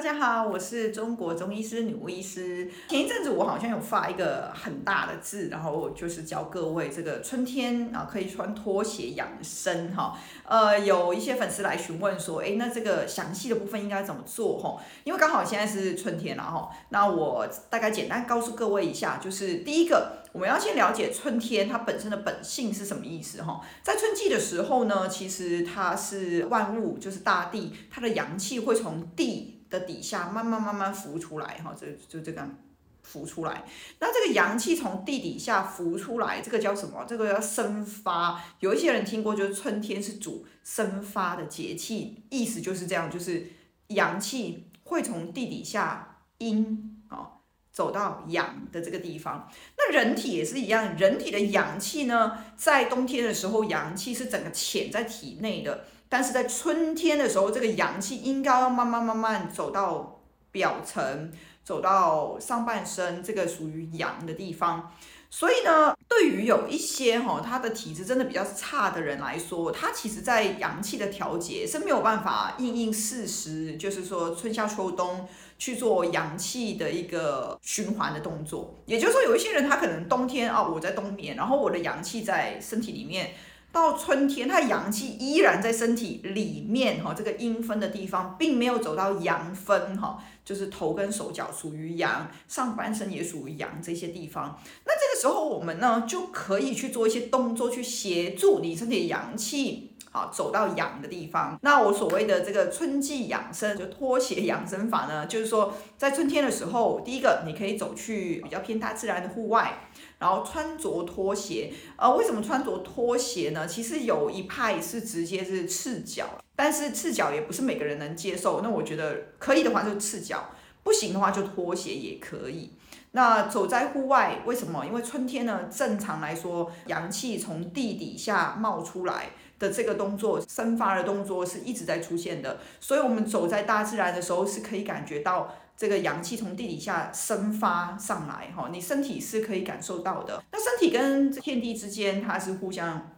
大家好，我是中國中醫師、女醫師。前一陣子我好像有發一個很大的字，然後就是教各位這個春天啊，可以穿拖鞋養生哈。呃，有一些粉絲來詢問說，誒，欸，那這個詳細的部分應該怎麼做吼，因為剛好現在是春天了哈。那我大概簡單告訴各位一下，就是第一個，我們要先了解春天它本身的本性是什麼意思哈。在春季的時候呢，其實它是萬物，就是大地，它的陽氣會從地。的底下慢慢慢慢浮出來哈、哦，就就這個樣浮出來。那這個陽氣從地底下浮出來，這個叫什麼？這個叫生發。有一些人聽過，就是春天是主生發的節氣，意思就是這樣，就是陽氣會從地底下陰哦，走到陽的這個地方。那人體也是一樣，人體的陽氣呢，在冬天的時候，陽氣是整個潛在體內的。但是在春天的時候，這個陽氣應該要慢慢慢慢走到表層，走到上半身，這個屬於陽的地方。所以呢，對於有一些、哦、他的體質真的比較差的人來說，他其實在陽氣的調節是沒有辦法應應四時，就是說春夏秋冬去做陽氣的一個循環的動作。也就是說，有一些人他可能冬天啊、哦，我在冬眠，然後我的陽氣在身體裡面。到春天，它陽氣依然在身體裡面哈、哦，這個陰分的地方並沒有走到陽分哈、哦，就是頭跟手腳屬於陽，上半身也屬於陽，這些地方。那之後我們呢就可以去做一些動作，去協助你身體的陽氣好走到陽的地方。那我所謂的這個春季養生就拖鞋養生法呢，就是說在春天的時候，第一個你可以走去比較偏大自然的戶外，然後穿着拖鞋。呃，為什麼穿着拖鞋呢？其實有一派是直接是赤腳，但是赤腳也不是每個人能接受。那我覺得可以的話就赤腳，不行的話就拖鞋也可以。那走在戶外，為什麼？因為春天呢，正常來說，陽氣從地底下冒出來的這個動作、生發的動作是一直在出現的，所以我們走在大自然的時候是可以感覺到這個陽氣從地底下生發上來，哈，你身體是可以感受到的。那身體跟天地之間，它是互相。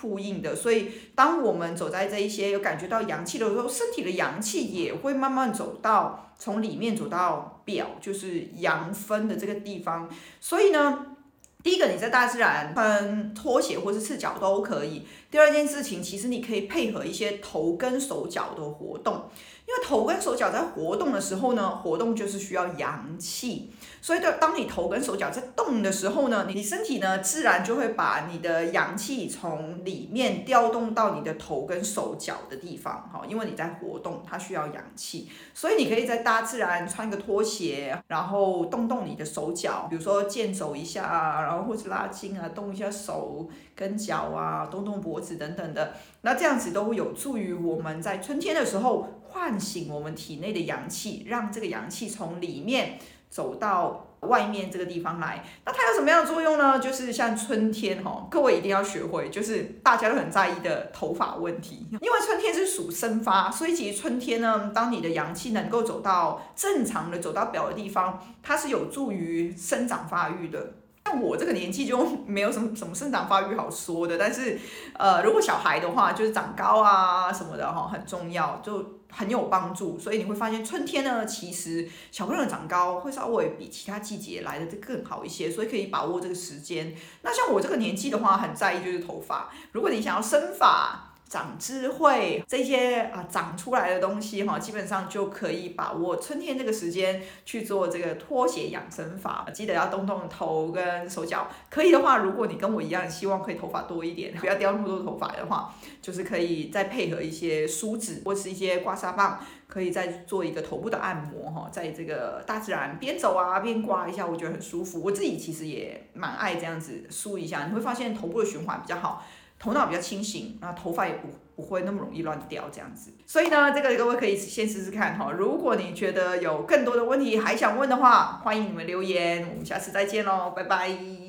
呼應的，所以當我們走在這一些有感覺到陽氣的時候，身體的陽氣也會慢慢走到從裡面走到表，就是陽分的這個地方。所以呢，第一個你在大自然穿拖鞋或是赤腳都可以；第二件事情，其實你可以配合一些頭跟手腳的活動。因為頭跟手腳在活動的時候呢，活動就是需要陽氣，所以當當你頭跟手腳在動的時候呢，你身體呢自然就會把你的陽氣從裡面調動到你的頭跟手腳的地方，哈，因為你在活動，它需要陽氣，所以你可以在大自然穿個拖鞋，然後動動你的手腳，比如說健走一下啊，然後或者拉筋啊，動一下手跟腳啊，動動脖子等等的，那這樣子都會有助於我們在春天的時候換醒我們體內的陽氣，讓這個陽氣從裡面走到外面這個地方來。那它有什麼樣的作用呢？就是像春天哈，各位一定要學會，就是大家都很在意的頭髮問題。因為春天是屬生發，所以其實春天呢，當你的陽氣能夠走到正常的走到表的地方，它是有助於生長發育的。像我這個年紀就沒有什麼什麼生長發育好說的，但是，呃，如果小孩的話，就是長高啊什麼的哈，很重要，就很有幫助。所以你會發現，春天呢，其實小朋友長高會稍微比其他季節來得更好一些，所以可以把握這個時間。那像我這個年紀的話，很在意就是頭髮。如果你想要生髮，長智慧這些啊，長出來的東西哈，基本上就可以把握春天這個時間去做這個拖鞋養生法。記得要動動頭跟手腳。可以的話，如果你跟我一樣，希望可以頭髮多一點，不要掉那麼多頭髮的話，就是可以再配合一些梳子或是一些刮痧棒，可以再做一個頭部的按摩哈。在這個大自然邊走啊邊刮一下，我覺得很舒服。我自己其實也蠻愛這樣子梳一下，你會發現頭部的循環比較好。頭腦比較清醒，然後頭髮也不不會那麼容易亂掉這樣子。所以呢，這個各位可以先試試看哈、哦。如果你覺得有更多的問題還想問的話，歡迎你們留言。我們下次再見嘍，拜拜。